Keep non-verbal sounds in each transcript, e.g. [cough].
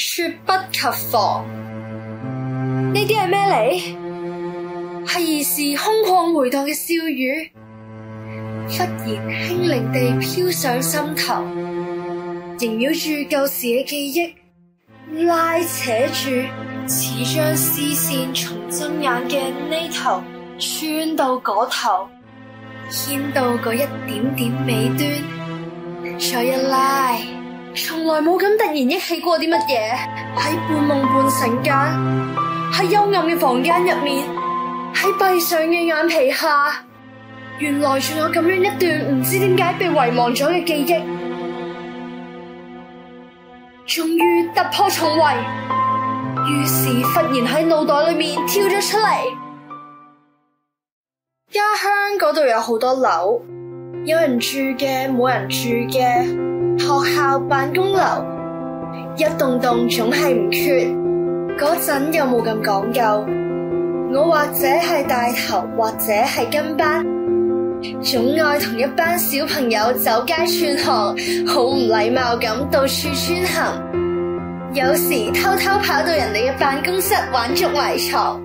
猝不及防，呢啲係咩嚟？係兒時空曠回蕩嘅笑語，忽然輕靈地飄上心頭，縈繞住舊時嘅記憶，拉扯住似將絲線從針眼嘅呢頭穿到嗰頭，牽到嗰一點點尾端，再一拉。原來冇咁突然憶起過啲乜嘢？喺半夢半醒間，喺幽暗嘅房間入面，喺閉上嘅眼皮下，原來仲有咁樣一段唔知點解被遺忘咗嘅記憶，終於突破重圍，於是忽然喺腦袋裏面跳咗出嚟。家鄉嗰度有好多樓。有人住嘅，冇人住嘅學校辦公樓，一棟棟總係唔缺。嗰陣又冇咁講究，我或者係帶頭，或者係跟班，總愛同一班小朋友走街串巷，好唔禮貌咁到處穿行。有時偷偷跑到人哋嘅辦公室玩捉迷藏，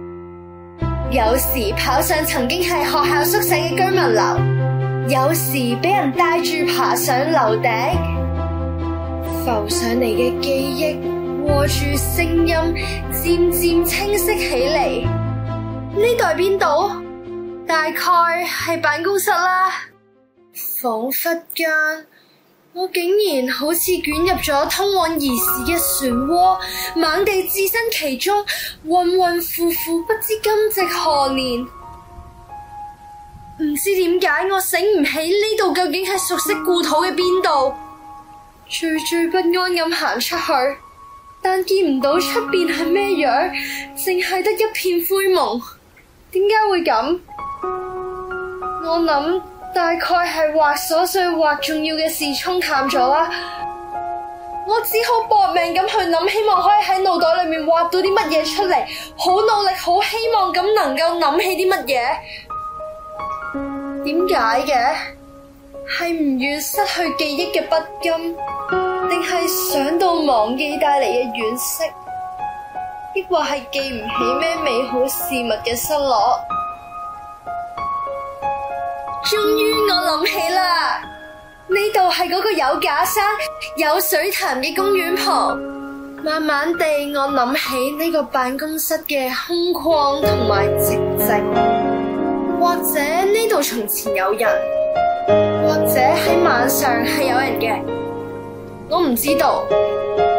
有時跑上曾經係學校宿舍嘅居民樓。有時俾人帶住爬上樓頂，浮上嚟嘅記憶，和住聲音，漸漸清晰起嚟。呢度係邊度？大概係辦公室啦。恍惚間，我竟然好似捲入咗通往兒時嘅漩渦，猛地置身其中，混混乎乎，不知今夕何年。唔知點解，我醒唔起呢度究竟係熟悉故土嘅邊度，惴惴不安咁行出去，但見唔到出邊係咩樣，淨係得一片灰蒙。點解會咁？我諗大概係畫瑣碎畫重要嘅事沖淡咗啦。我只好搏命咁去諗，希望可以喺腦袋裏面畫到啲乜嘢出嚟。好努力，好希望咁能夠諗起啲乜嘢。點解嘅？係唔願失去記憶嘅不甘，定係想到忘記帶嚟嘅惋惜，抑或係記唔起咩美好事物嘅失落？ [noise] 終於我諗起啦，呢度係嗰個有假山、有水潭嘅公園旁。慢慢地，我諗起呢個辦公室嘅空曠同埋寂靜。或者呢度從前有人，或者喺晚上係有人嘅，我唔知道，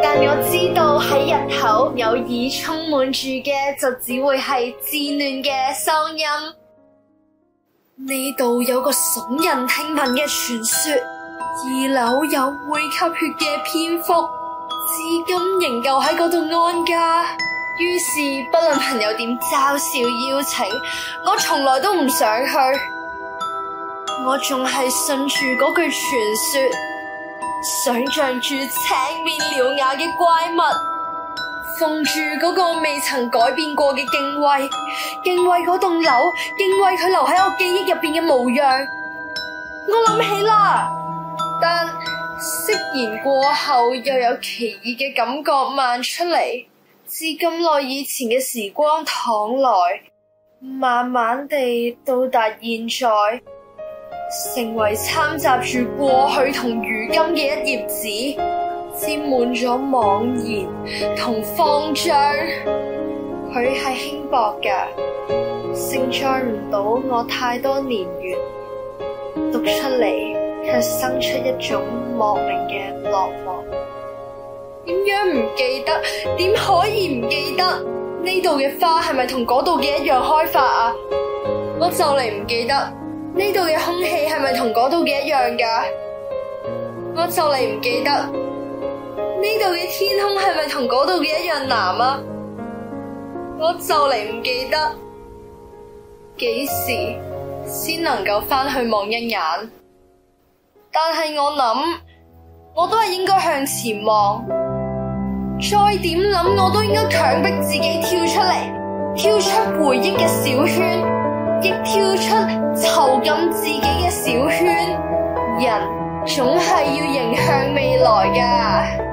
但我知道喺日頭偶爾充滿住嘅就只會係稚嫩嘅聲音。呢度有個聳人聽聞嘅傳說，二樓有會吸血嘅蝙蝠，至今仍舊喺嗰度安家。於是不論朋友點嘲笑邀請，我從來都唔想去。我仲係信住嗰句傳說，想象住青面獠牙嘅怪物，奉住嗰個未曾改變過嘅敬畏，敬畏嗰棟樓，敬畏佢留喺我記憶入邊嘅模樣。我諗起啦，但釋然過後，又有奇異嘅感覺漫出嚟。至咁耐以前嘅時光淌來，慢慢地到達現在，成為摻雜住過去同如今嘅一頁紙，沾滿咗妄言同慌張。佢係輕薄嘅，承載唔到我太多年月。讀出嚟，卻生出一種莫名嘅落寞。點樣唔記得？點可以唔記得？呢度嘅花係咪同嗰度嘅一樣開法啊？我就嚟唔記得。呢度嘅空氣係咪同嗰度嘅一樣噶？我就嚟唔記得。呢度嘅天空係咪同嗰度嘅一樣藍啊？我就嚟唔記得。幾時先能夠返去望一眼？但係我諗。我都係應該向前望，再點諗我都應該強迫自己跳出嚟，跳出回憶嘅小圈，亦跳出囚禁自己嘅小圈。人總係要迎向未來㗎。